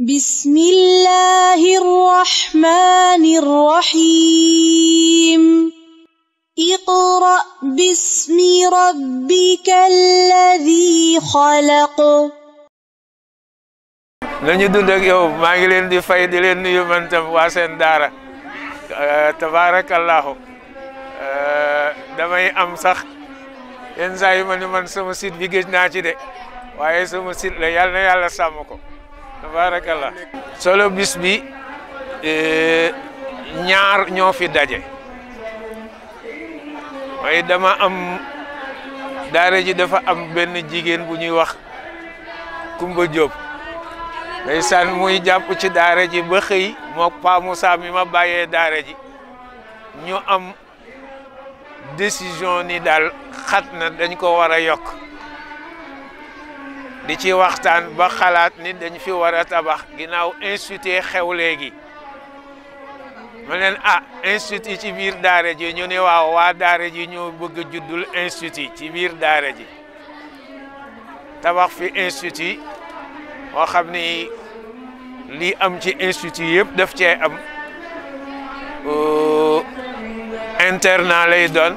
بسم الله الرحمن الرحيم اقرأ باسم ربك الذي خلق lañu dund ak yow maa ngi leen di fay di leen nuyu man tam waa seen daara tabarakallahu damay am sax yenn saa yi ma ni man sama site bi gëj naa ci de waaye sama site la yàlla na yàlla sàmm ko tabarakallah solo bis bi eh, ñaar ñoo fi daje mooy dama am daara ji dafa am benn jigéen bu ñuy wax Kumba Diop ndeysaan muy jàpp ci daara ji ba xëy moo Pa Moussa ma bàyyee daara ji ñu am décision ni daal xat na dañ ko war a yokk di ci waxtaan ba xalaat ni dañ fi war a tabax ginnaaw institut xew léegi ma leen ah institut ci biir daare ji ñu ni waaw waa daare ji ñoo bëgg a juddul institut ci biir daare ji tabax fi institut moo xam ni lii am ci institut yëpp def cee am internat lay doon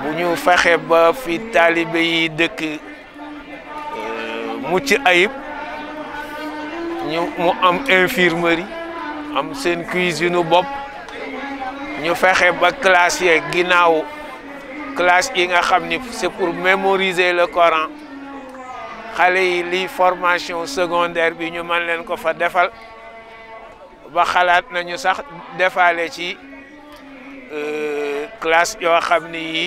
bu ñu fexe ba fi taalibe yi dëkk mucc ayib ñu mu am infirmerie am seen cuisine bopp ñu fexe ba classe yi ginnaaw classe yi nga xam ni c'est pour mémoriser le Coran xale yi li formation secondaire bi ñu mën leen ko fa defal ba xalaat nañu sax defaale ci euh, classe yoo xam ni yi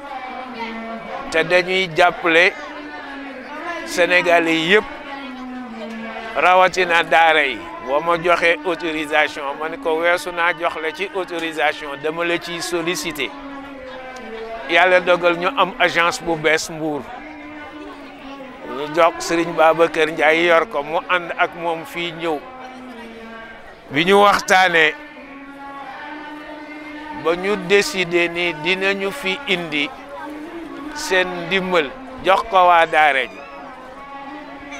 te dañuy jàppale sénégalais yëpp rawatina daara yi boo ma joxee autorisation ma ne ko weesu naa jox la ci autorisation dama la ciy sollicité yàlla dogal ñu am agence bu bees Mbour ñu jox Serigne Babacar Ndiaye yor ko mu ànd ak moom fii ñëw bi ñu waxtaanee ba ñu décidé ni dinañu fi indi seen ndimbal jox ko waa daara ji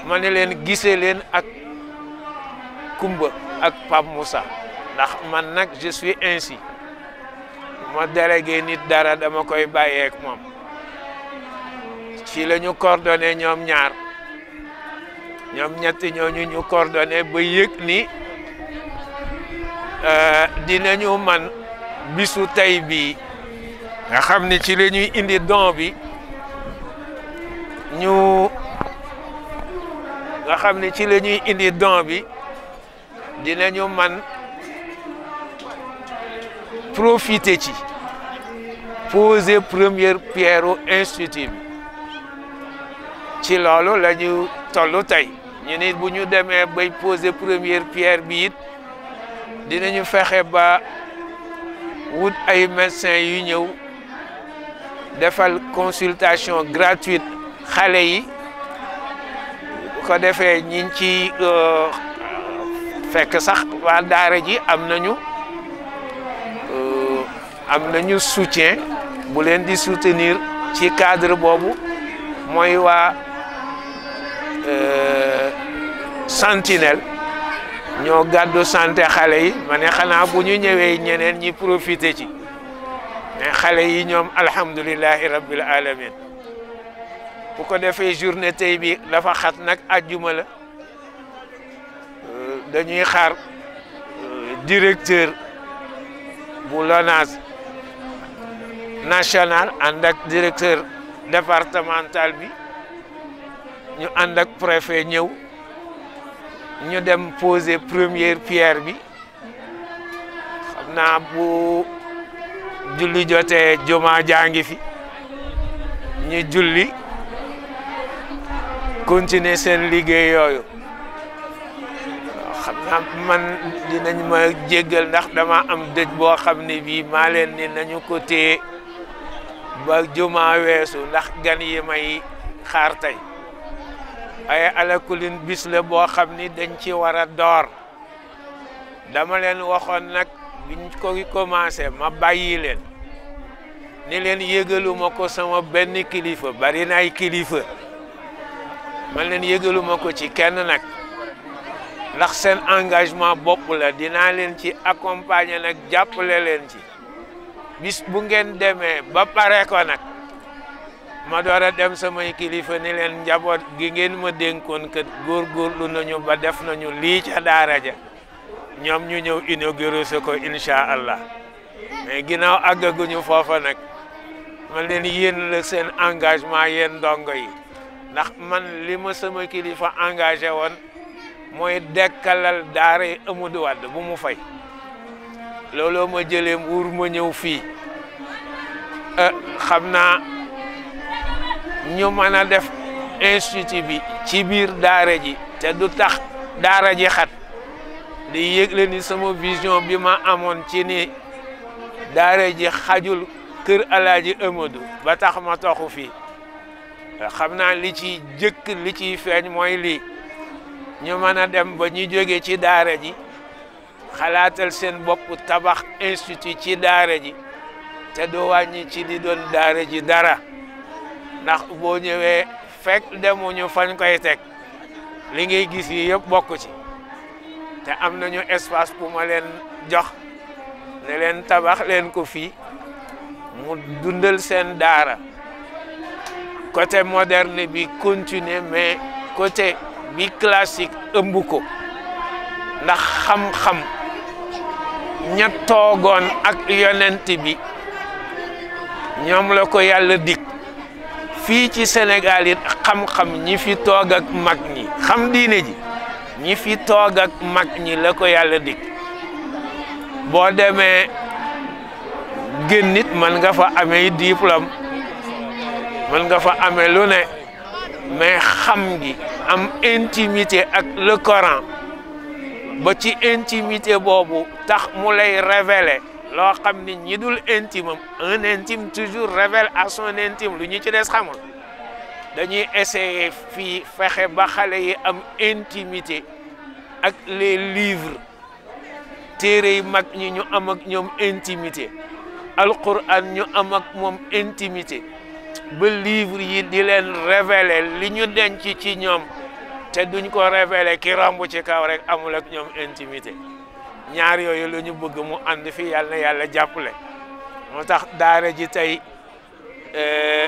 ma ne leen gise leen ak Kumba ak Pape Moussa ndax man nag je suis ainsi ma délégué nit dara dama koy bàyyeek moom ci la ñu coordonné ñoom ñaar ñoom ñetti ñooñu ñu coordonné ba yëg ni euh, dinañu man bisu tey bii Nous xam ne ci la ñuy indi don bi ñu nga ci la indi man ci poser première pierre au institut ci la ñu toll tey ñu bay poser première pierre bi it dinañu fexe ba wut ay médecin yu defal consultation gratuite xale yi ko defee ñi ci euh, fekk sax waa daara ji am nañu euh, am nañu soutien bu leen di soutenir ci cadre boobu mooy waa euh, sentinelle ñoo gàddu santé xale yi ma xanaa bu ñu ñëwee ñeneen ñi profité ci mais xale yi ñoom alhamdulilahi rabbil alamin bu ko defee journée tey bi dafa xat nag ajjuma la dañuy xaar directeur bu LONASE national ànd ak directeur départemental bi ñu ànd ak préfet ñëw ñu dem poser première pierre bi xam naa bu julli jote juma jaa ngi fi ñu julli continuer seen liggéey yooyu xam naa man dinañ ma jéggal ndax dama am dëj boo xam ne bii maa leen ni nañu ko téye ba juma weesu ndax gan yi may xaar tey waaye alakulin bis la boo xam ni dañ ci war a door dama leen waxoon nag biñ ko commencé ma bàyyi leen ni leen yëgaluma ko sama benn kilifa bari na ay kilifa man leen yëgaluma ko ci kenn nag ndax seen engagement bopp la dinaa leen ci accompagner nag jàppale leen ci bis bu ngeen demee ba pare ko nag ma door dem samay kilifa ni leen njaboot gi ngeen ma dénkoon kat na nañu ba def nañu lii ca daara ja ñoom ñu ñëw inauguré se ko incha allah mais ginnaaw àggaguñu foofa nag ma leen yéen la seen engagement yéen ndongo yi ndax man li ma sama fa engage won mooy dekkalal daara yi Amadou Wade bu mu fay looloo ma jëlee mbuur ma ñëw fii euh, xam naa ñu mën a def institut bi ci biir daara ji te du tax daara ji xat di yëgle ni sama vision bi ma amoon ci ni daara ji xajul kër ji Amadou ba tax ma toxu fii xam naa li ci jëkk li ciy feeñ mooy lii ñu mën a dem ba ñu jóge ci daara ji xalaatal seen bopp tabax institut ci daara ji te du wàññi ci di don daara ji dara ndax boo ñëwee fekk demuñu fañ koy teg li ngay gis yi yëpp bokk ci te am nañu espace bu ma leen jox ne leen tabax leen ko fii mu dundal seen daara côté moderne bi continuer mais côté bi classique ëmb ko ndax xam-xam ña toogoon ak yonent bi ñoom la ko yàlla dik fii ci Sénégal it xam-xam ñi fi toog ak mag ñi xam diine ji ñi fi toog mag ñi la ko yàlla dig boo demee gën nit mën nga fa amee diplôme mën nga fa amee lu ne mais xam gi am intimité ak le Coran ba ci intimité boobu tax mu lay révéler loo xam ni ñi dul intime am un intime toujours révèle à son intime lu ñu ci des xamul dañuy essayer fii fexe ba xale yi am intimité ak les livres téere yi mag ñi ñu am ñoom intimité alquran ñu am moom intimité ba livre yi di leen révéler li ñu denc ci ñoom te duñ ko révéler ki rambu ci kaw rek amul ak ñoom intimité ñaar yooyu la ñu bëgg mu ànd fii yàlla na yàlla jàppale moo tax daara ji tey euh,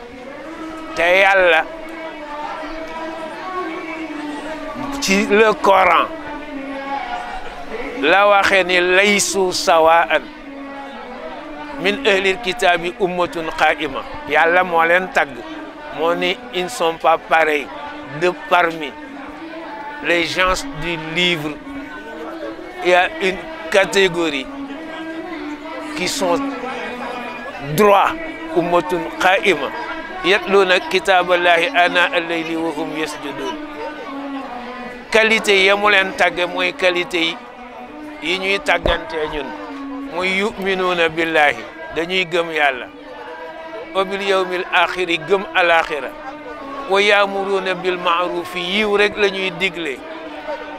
te le Coran la waxee ni laysu sawaan min ahlil kitabi ummatun qaima yalla mo len tag mo ni ils ne sont pas pareils de parmi les gens du livre il y a une catégorie qui sont droits motun qaima yatluuna kitaaballahi ana allayli wa hum yasjudun qualité ya mu mooy qualité yi ñuy tàggantee ñun muy yuminuuna billahi dañuy gëm yàlla wa bil yawmil axiri gëm alaxira wa yaamuruuna bil maarufi yiw rek la digle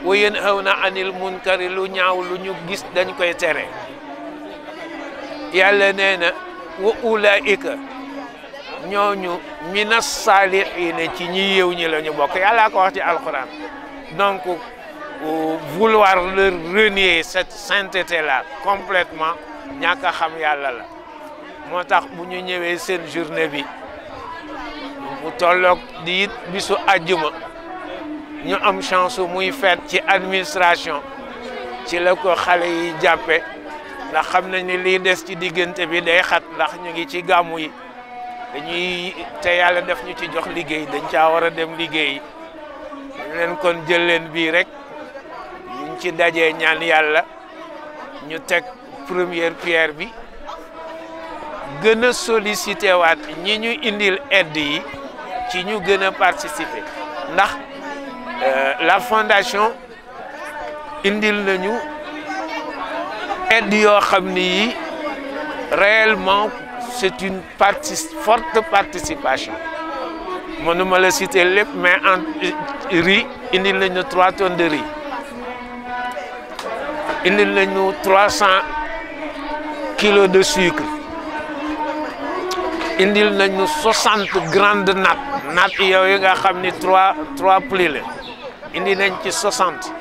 wa yanhawna anil munkari lu ñaaw lu ñu gis dañ koy tere yàlla nee na wa ulaika ñooñu mina salihine ci ñi yew ñi la ñu bokk yàllaa ko wax ci alquran donc euh, vouloir le renier cette sainteté là complètement ñàkk xam yàlla la moo tax bu ñu ñëwee seen journée bi bu tolloog di it bisu àjjuma ñu am chance muy feet ci administration ci la ko xale yi jàppe ndax xam nañ ni liy des ci diggante bi day xat ndax ñu ngi ci gàmmu yi dañuy te yàlla def ñu ci jox liggéey dañ caa war a dem liggéey ñu leen kon jël leen bii rek ñu ci dajee ñaan yàlla ñu teg premier pierre bi gën a sollicité waat ñi ñu indil aide yi ci ñu gën a participer ndax euh, la fondation indil nañu aide yoo xam ni yi réellement c'est une forte participation. Je ne me citer mais en euh, riz, il y a 3 tonnes de riz. Il y a 300 kilos de sucre. Il y a 60 grandes nattes. Nattes, il 3, 3 plis. Il y a 60.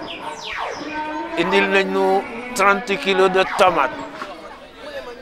Il y a 30 kilos de tomates.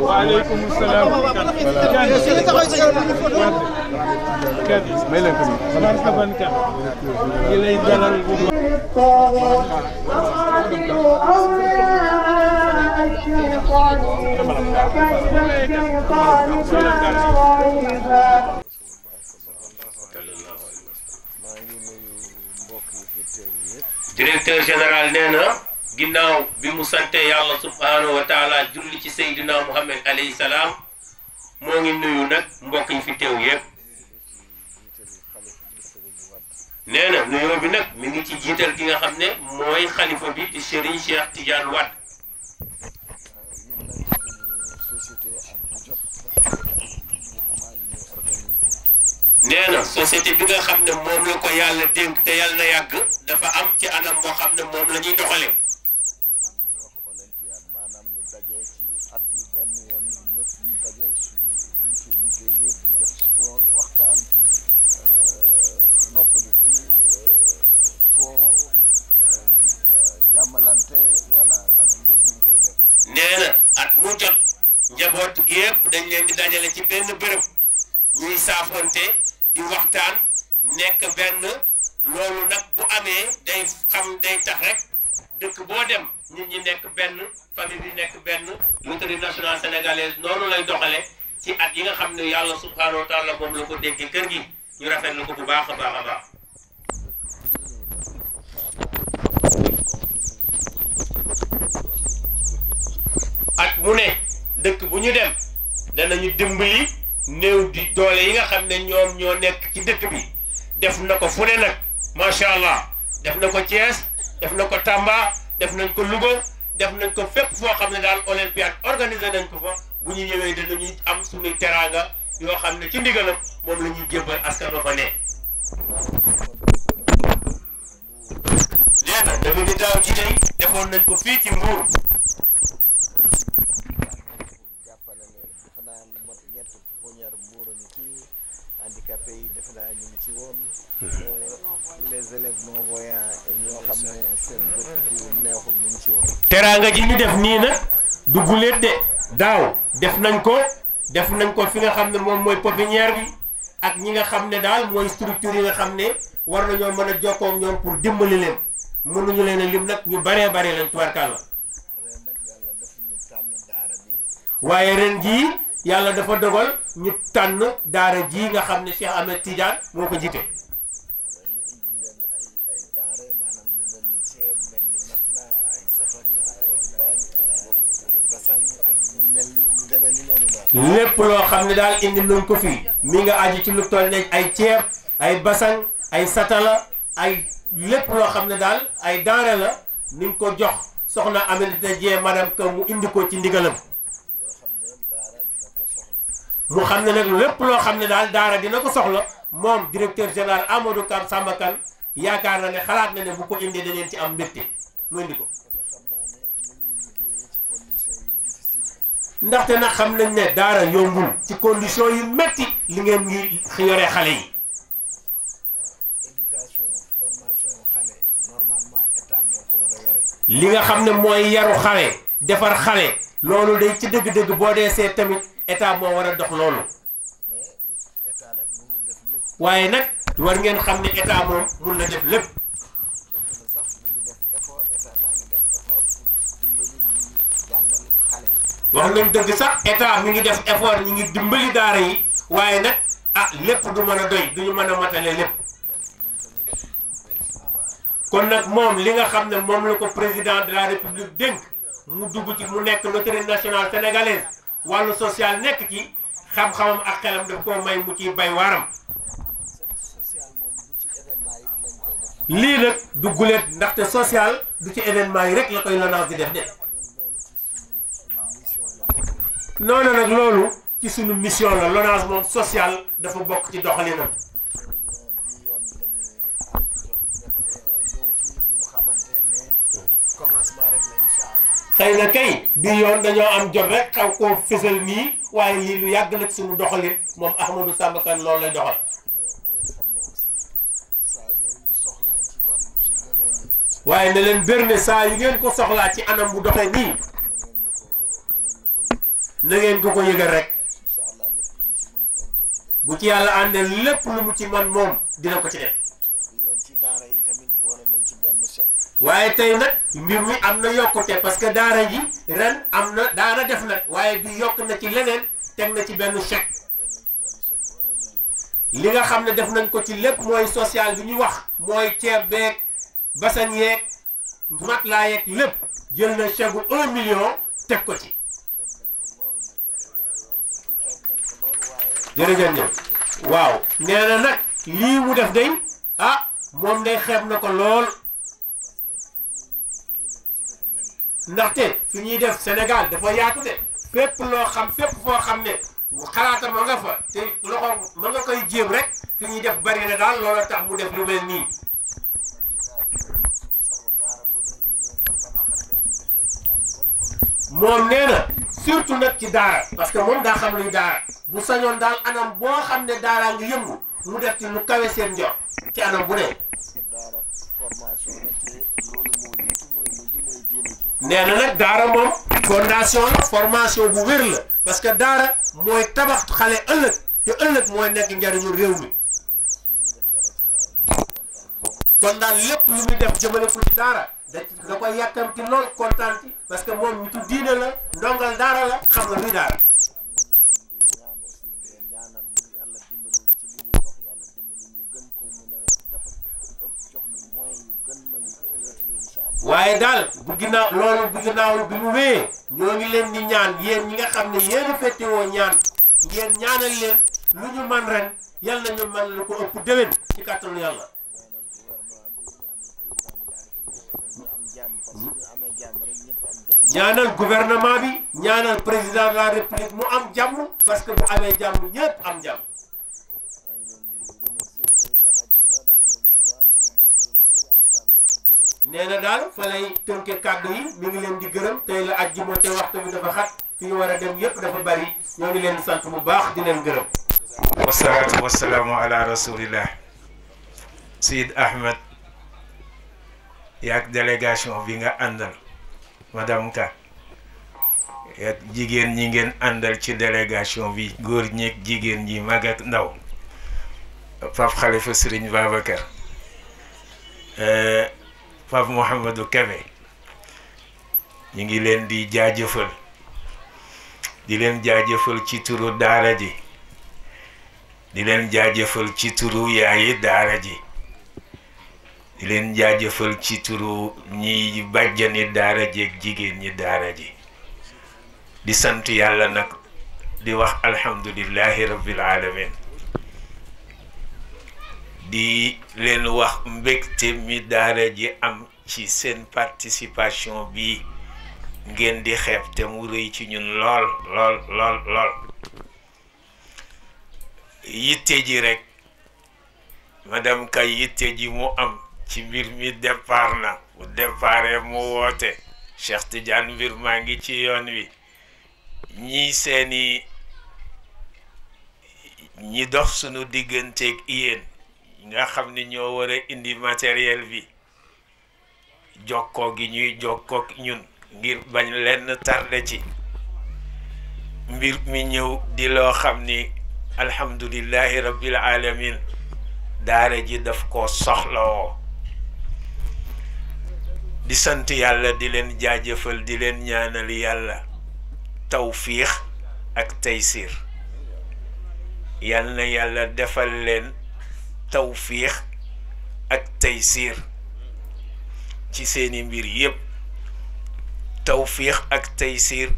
وعليكم السلام مرحبا كان الى دار directeur général nee na ginnaaw bi mu sante yàlla subhaanahu wa taala julli ci seydina muhammad alayhi salaam moo ngi nuyu nag mbokk yi fi teew yépp nee na nuyoo bi nag mi ngi ci jiital gi nga xam ne mooy xalifa bi di Serigne Cheikh Tidiane Wade neena société bi nga xam ne moom la ko yàlla dénk te yàlla na yàgg dafa am ci anam boo xam ne moom la ñuy doxale neena at mu jot njaboot gi yépp dañ leen di dajale ci benn bërëb ñuy saafonte di waxtaan nekk benn loolu nag bu amee day xam day tax rek dëkk boo dem nit ñi nekk benn famille bi nekk benn loterie nationale sénégalaise noonu lay doxale ci at yi nga xam ne yàlla subhaanahu taal taala moom la ko dénkee kër gi ñu rafetlu ko bu baax a baax a baax at mu ne dëkk bu ñu dem danañu dimbali néew di doole yi nga xam ne ñoom ñoo nekk ci ndëkk bi def na ko fu ne nag macha allah def na ko Thiès def na ko Tamba def nañ ko Louga def nañ ko fépp foo xam ne daal olympiade organisé dañ ko fa bu ñu ñëwee dinañuy am suñuy teraanga yoo xam ne ci ndigalam moom la ñuy jébbal askan ba fa ne. léegi nag dama ni daaw ci tey defoon nañ ko fii ci Mbour xare gi ñu def nii nag du guléet de daaw def nañ ko def nañ ko fi nga xam ne moom mooy pépinière bi ak ñi nga xam ne daal mooy structure yi nga xam ne war nañoo mën a jokkoo ñoom pour dimbali leen mënuñu leen a lim nag ñu baree bare leen tubarkàlla waaye ren jii yàlla dafa dogal ñu tànn daara ji nga xam ne Cheikh Ahmed Tidiane moo ko jiite. lépp loo xam ne daal indi luñ ko fi mi nga aji ci lu toll ne ay ceeb ay basan ay satala ay lépp loo xam ne daal ay denrée la ni ko jox soxna Aminata Dieng madame que mu indi ko ci ndigalam mu xam ne nag lépp loo xam ne daal daara dina ko soxla moom directeur général Amadou Kane Samba Kane yaakaar na ne xalaat na ne bu ko indee da ci am mbégte mu indi ko ndaxte nag xam nañ ne daara yombul ci condition yu metti li ngeen ngi yoree xale yi li nga xam ne mooy yaru xale defar xale loolu day ci dëgg-dëgg boo dee seet tamit état moo war a dox loolu waaye nag war ngeen xam ne état moom mun na def lépp wax ngeen dëgg sax état mi ngi def effort ñu ngi dimbali daara yi waaye nag ah lépp du mën a doy du ñu mën a matale lépp kon nag moom li nga xam ne moom la ko président de la république dénk mu dugg ci mu nekk loterie nationale sénégalaise wàllu social nekk ci xam-xamam ak xelam daf koo may mu ciy bay waaram lii nag du guleet ndaxte sociale du ci événement yi rek la koy LONASE di def de noonu nag loolu ci sunu mission la Lonase moom social dafa bokk ci doxalinam. xëy na kay bi yoon dañoo am jot rek xaw koo fësal nii waaye lii lu yàgg nag suñu doxalin moom Ahmadou Samba loolu lay doxal waaye na leen bér ne saa yu ngeen ko soxlaa ci anam bu doxe nii na ngeen ko ko yëgal rek bu ci yàlla àndee lépp lu mu ci man moom dina ko ci def waaye tey nag mbir mi am na yokkute parce que daara ji ren am na daara def nag waaye bi yokk na ci leneen teg na ci benn chèque li nga xam ne def nañ ko ci lépp mooy social bi ñu wax mooy ceeb beeg basan yeeg matelas lépp jël na chèque bu million teg ko ci jërëjëf ñëpp waaw nee na nag lii mu def day ah moom day xeeb na ko lool ndaxte su ñuy def Sénégal dafa yaatu de fépp loo xam fépp foo xam ne xalaata ma nga fa te loxo ma nga koy jéem rek su ñuy def bari na daal loola tax mu def lu mel nii moom nee na surtout nag ci daara parce que moom daa xam luy daara bu sañoon daal anam boo xam ne daaraa ngi yëngu mu def ci lu kawe seen njort ci anam bu ne. nee nag daara moom fondation formation bu wér la parce que daara mooy tabax xale ëllëg te ëllëg mooy nekk njariñu réew mi kon daal lépp lu muy def jëmale ko daara da yàkkamti lool kontaan parce que moom nitu diine la ndongal daara la xam nga luy daara waaye daal bu ginnaaw loolu bu ginnaaw bi mu wéyee ñoo ngi leen di ñaan yéen ñi nga xam ne yéen a fette woo ñaan ngeen ñaanal leen lu ñu man ren yal nañu man lu ko ëpp déwén ci kàttanu yàlla ñaanal gouvernement bi ñaanal président de la république mu am jàmm parce que bu amee jàmm ñëpp am jàmm nee na daal fa lay tënke kàddu yi mi ngi leen di gërëm tey la àjjuma te waxtu bi dafa xat fi war a dem yépp dafa bari ñoo leen di bu baax di leen gërëm wasalaatu wasalaamu rasulillah Seyid Ahmed yaag délégation bi nga àndal madame Ka yaag jigéen ñi ngeen àndal ci délégation bi góor ñeeg jigéen ñi mag ak ndaw Pape Khalifa Serigne Babacar euh, Pape Mouhamadou Kébé ñu ngi leen di jaajëfal di leen jaajëfal ci turu daara ji di leen jaajëfal ci turu yaayi daara ji di leen jaajëfal ci turu ñiy bàjjani daara ji ak jigéen ñi daara ji di sant yàlla nag di wax alhamdulillahi rabbil alamin di leen wax mbégte mi daara ji am ci seen participation bi ngeen di xeeb te mu rëy ci ñun lool lool lool yitte ji rekk madame kay yitte ji mu am ci mbir mi départ na bu départee mu woote Cheikh Tidiane mbir maa ngi ci yoon wi ñi seeni ñi dox sunu digganteeg yéen nga xam ni ñoo war indi matériel bi jokkoo gi ñuy jokkook ñun ngir bañ lenn tardé ci mbir mi ñëw di loo xam ni alhamdulillahi rabbil alamin daara ji daf ko soxlawoo di sant yàlla di leen jaajëfal di leen ñaanal yàlla tawfiix ak taysir yal na yàlla defal leen tawfiix ak taysiir ci seeni mbir yépp tawfiix ak taysiir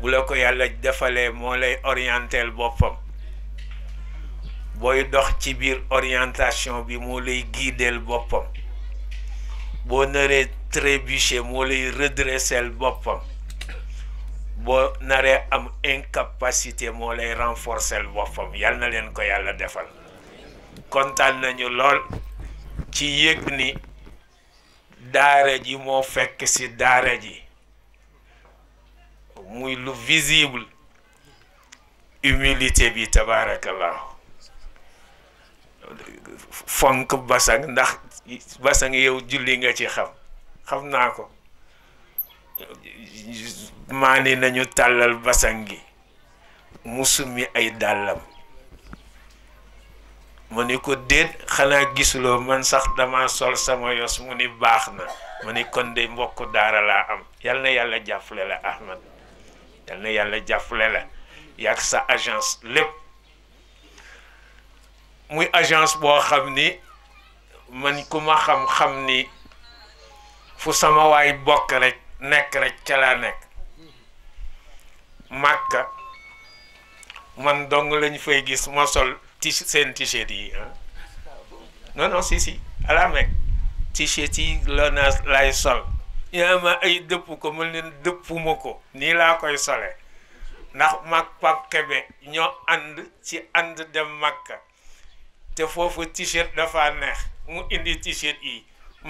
bu la ko yàlla defalee moo lay orienteel boppam booy dox ci biir orientation bi moo lay guideel boppam boo naree trébucher moo lay redresseel boppam boo naree am incapacité moo lay renforcer boppam yal na leen ko yàlla defal kontaan nañu lool ci yëg ni daara ji moo fekk ci daara ji muy lu visible humilité bi tabaarakallaahu fonk basang ndax basang yow julli nga ci xam xam naa ko maani nañu tàllal basang gi mu ay dàllam ma ni ko déet xanaa gisuloo man sax dama sol sama yos mu ni baax na ma ni kon de mbokk daara laa am yal na yàlla jàppale la Ahmad yal na yàlla jàppale la yàgg sa agence lépp muy agence boo xam ni ma ku ma xam-xam ni fu sama waay bokk rekk nekk rek ca laa nekk màkka man dong lañ fay gis ma sol tis seen t-shirt yi non non si t-shirt yi la naa lay sol yaa ma ay dëpp ko mën leen dëppuma ko nii laa koy sole ndax mag Pape Kébé ñoo ànd ci ànd dem Makka te foofu t-shirt dafa neex mu indi t-shirt yi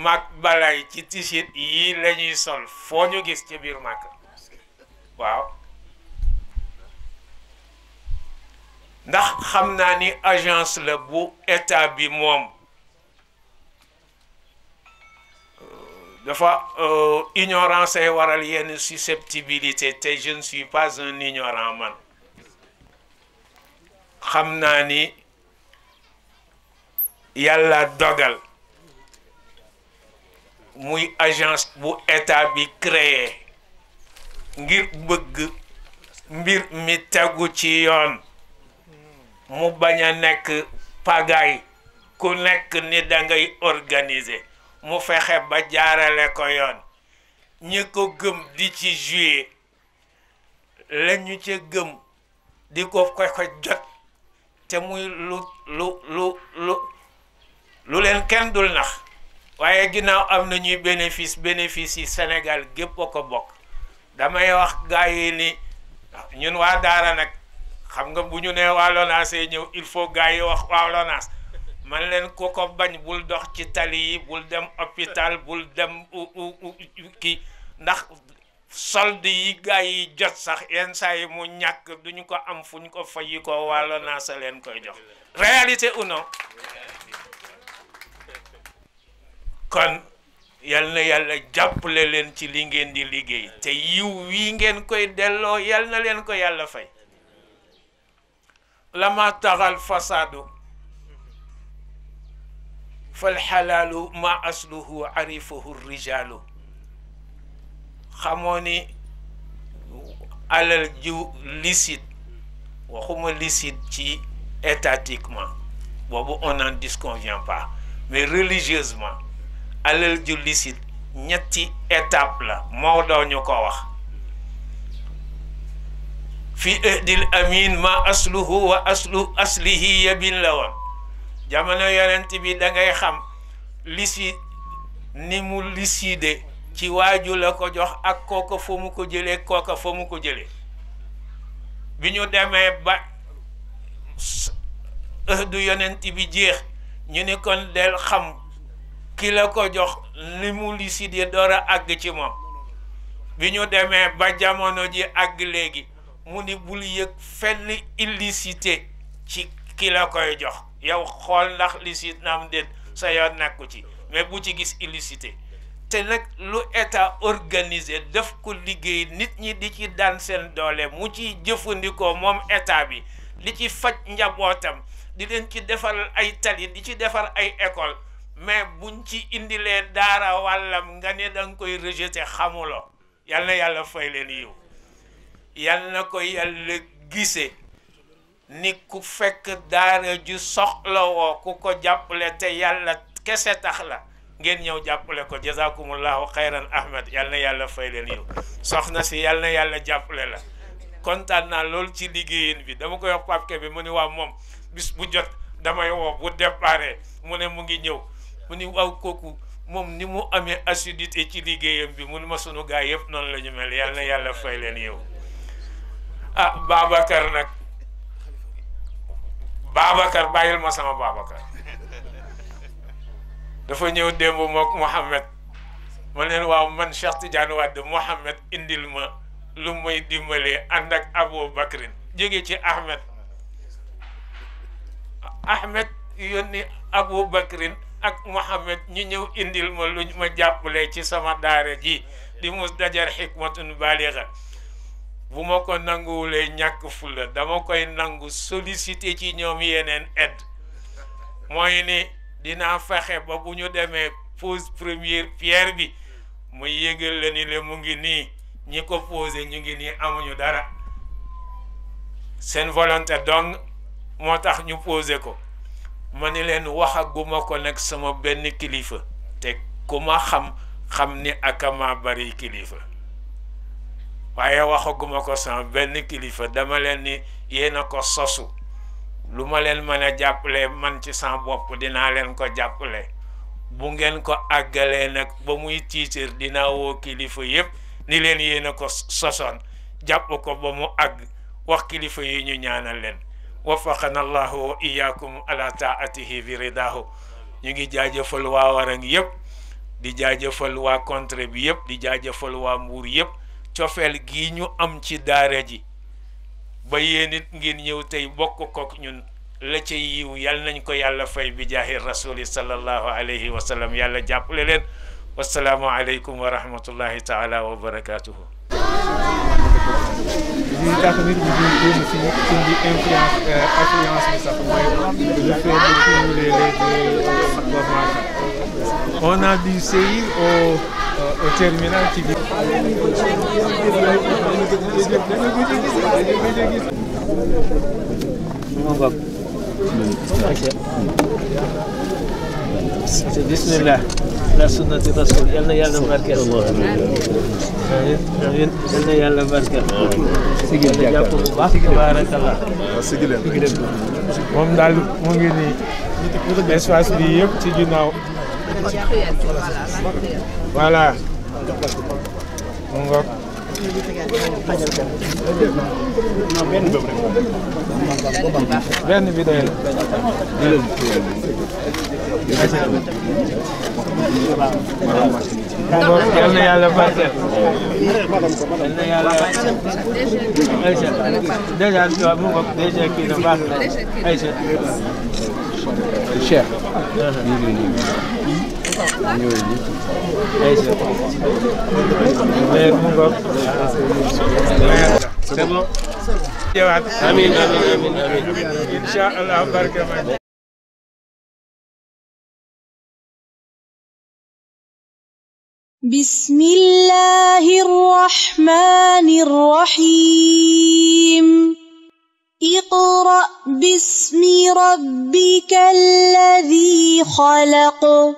mag balay ci t-shirt yii la sol foo ñu gis ci biir Makka waaw ndax xam naa ni agence la bu état bi moom euh, dafa euh, ignorance ay waral yenn susceptibilité te je ne suis pas un ignorant man xam naa ni yàlla dogal muy agence bu état bi créé ngir bëgg mbir mi tegu ci yoon mu bañ a nekk pagaay ku nekk ni dangay organise mu fexe ba jaarale ko yoon ñi ko gëm di ci juillet la ñu ca gëm di ko ko ko jot te muy lu lu lu lu leen kenn dul nax waaye ginnaaw am na ñuy bénéfice bénéfice yi Sénégal gépp a ko bokk damay wax gaa yi ni ñun waa daara nag xam nga bu ñu nee waa LONASE ñëw il faut gars yi wax waa LONASE man leen ku ko bañ bul dox ci tali yi bul dem hôpital bul dem kii ndax solde yi gars yi jot sax yenn saa yi mu ñàkk duñu ko am fu ñu ko fay ko waa LONASE leen koy jox réalité ou kon yal na yàlla jàppale leen ci li ngeen di liggéey te yiw wii ngeen koy delloo yal na leen ko yàlla fay lama taxal fasaadu fal xalaalu ma asluhu arifahu rijaalu xamoo ni alal ju licite waxuma licite ci étatiquement boobu on n'en disconvient pas mais religieusement alal ju licite ñetti étape la moo doo ñu ko wax fi ahdil amin ma asluhu wa aslu aslihi yabin la woon jamono yonent bi dangay xam lisi ni mu liside ci waaju la ko jox ak kooka fa mu ko jëlee kooka fa mu ko jëlee bi ñu demee ba ëhdu yonent bi jeex ñu ni kon del xam ki la ko jox ni mu liside door a àgg ci moom bi ñu demee ba jamono ji àgg léegi mu ni bul yëg fenn illicité ci ki la koy jox yow xool ndax licite na am déet sa yoon nekku ci mais bu ci gis illicité te nag lu état organisé def ko liggéey nit ñi di ci daan seen doole mu ci jëfandikoo moom état bi li ci faj njabootam di leen ci defar ay tali di ci defar ay école mais buñ ci indi leen daara wàllam nga ne danga koy rejeté xamuloo yal na yàlla fay leen yiw yal na ko yàlla gise ni ku fekk daara ju soxla woo ku ko jàppale te yàlla kese tax la ngeen ñëw jàppale ko jazakumullahu xayran ahmed yal na yàlla fay leen yow soxna si yàlla na yàlla jàppale la kontaan naa loolu ci liggéeyin bi dama ko wax papke bi mu ne waa moom bis bu jot damay woo bu déparé mu ne mu ngi ñëw mu ni waaw kooku moom ni mu amee assiduité ci liggéeyam bi mu ne ma sunu gaa yëpp noonu la ñu mel yal na yàlla fay leen yow ah Babacar nag Babacar bàyyil ma sama Babacar dafa ñëw démb mook Mouhamed ma leen waaw man Cheikh Tidiane Wade Mouhamed indil ma lu may dimbalee ànd ak Abou Bakrin jóge ci Ahmed Ahmed yónni Abou Bakrin ak Mouhamed ñu ñëw indil ma luñ ma jàppalee ci sama daara ji di mus dajar xikmatun baaliga bu ma ko nanguwulee ñàkk fulla dama koy nangu sollicité ci ñoom yeneen aide mooy ni dinaa fexe ba bu ñu demee pose première pierre bi mu yëgal la ni le mu ngi nii ñi ko posé ñu ngi nii amuñu dara seen volonté donc moo tax ñu posé ko ma ni leen waxaguma ko nag sama benn kilifa te ku ma xam xam ni akama bari kilifa waaye waxaguma ko sama benn kilifa dama leen ni yéen a ko sosu lu ma leen mën a jàppale man ci sama bopp dinaa leen ko jàppale bu ngeen ko àggalee nag ba muy tiitir dinaa woo kilifa yépp ni leen yéen a ko sosoon jàpp ko ba mu àgg wax kilifa yi ñu ñaanal leen wafaqana allahu wa iyaakum ala taatihi bi ñu ngi jaajëfal waa warang yépp di jaajëfal waa contrée bi yépp di jaajëfal waa mbuur yépp cofeel gi ñu am ci daare ji ba yéen it ngeen ñëw tey bokk kook ñun la ca yiw yal nañ ko yàlla fay bi jaahi rasuli sallallahu alayhi yàlla jàppale leen wasalaamu aleykum wa rahmatullahi taala wa Euh, au terminal ci biir. bismillah la sunnati rasul yàlla yàlla barkeel. Ah, moom daal mu ngi nii espace bi yëpp ci ginnaaw. Voilà. On va. benn bi video la yal na yàlla barkeel yal na yàlla ayca dèjà waaw mu C'est cher. Uh -huh. بسم الله الرحمن الرحيم اقرأ باسم ربك الذي خلق